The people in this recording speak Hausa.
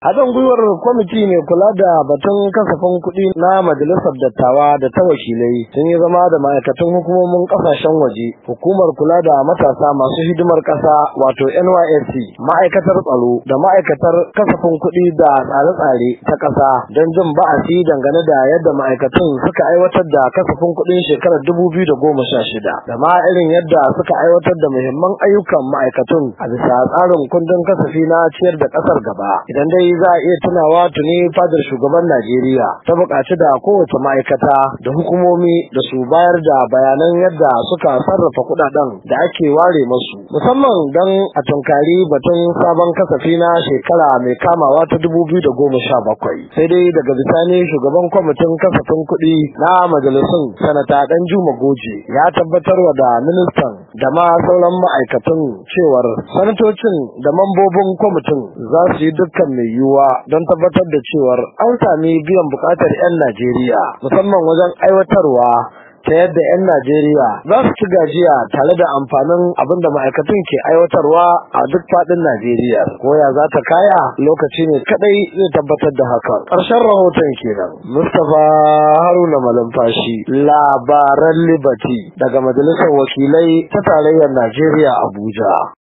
Haɗin gwiwar kwamiti mai kula da batun kasafin kuɗi na majalisar dattawa da ta wakilai sun yi zama da ma'aikatan hukumomin ƙasashen waje, hukumar kula da matasa masu hidimar ƙasa wato NYSC, ma'aikatar tsaro da ma'aikatar kasafin kuɗi da tsare-tsare ta ƙasa don jin ba'asi dangane da yadda ma'aikatan suka aiwatar da kasafin kuɗin shekarar dubu biyu da goma sha shida, da ma irin yadda suka aiwatar da muhimman ayyukan ma'aikatan a bisa tsarin kundin kasafi na ciyar da ƙasar gaba. Idan dai za a iya tunawa tuni fadar shugaban Najeriya ta buƙaci da kowace ma'aikata da hukumomi da su bayar da bayanan yadda suka sarrafa kuɗaɗen da ake ware masu musamman don a tunkari batun sabon kasafi na shekara mai kamawa ta dubu biyu da goma sha bakwai sai dai daga bisani shugaban kwamitin kasafin kuɗi na majalisun sanata ɗan juma goje ya tabbatar wa da ministan da ma sauran ma'aikatan cewar sanatocin da mambobin kwamitin za su yi dukkan mai yiwuwa don tabbatar da cewar an sami biyan bukatar 'yan Najeriya musamman wajen aiwatarwa ta yadda 'yan Najeriya za su ci gajiya tare da amfanin abin da ma'aikatan ke aiwatarwa a duk faɗin Najeriya. Koya za ta kaya lokaci ne kadai zai tabbatar da haka. Ƙarshen rahoton kenan. Mustapha Haruna Malamfashi labaran Liberty daga Majalisar Wakilai ta Tarayyar Najeriya Abuja.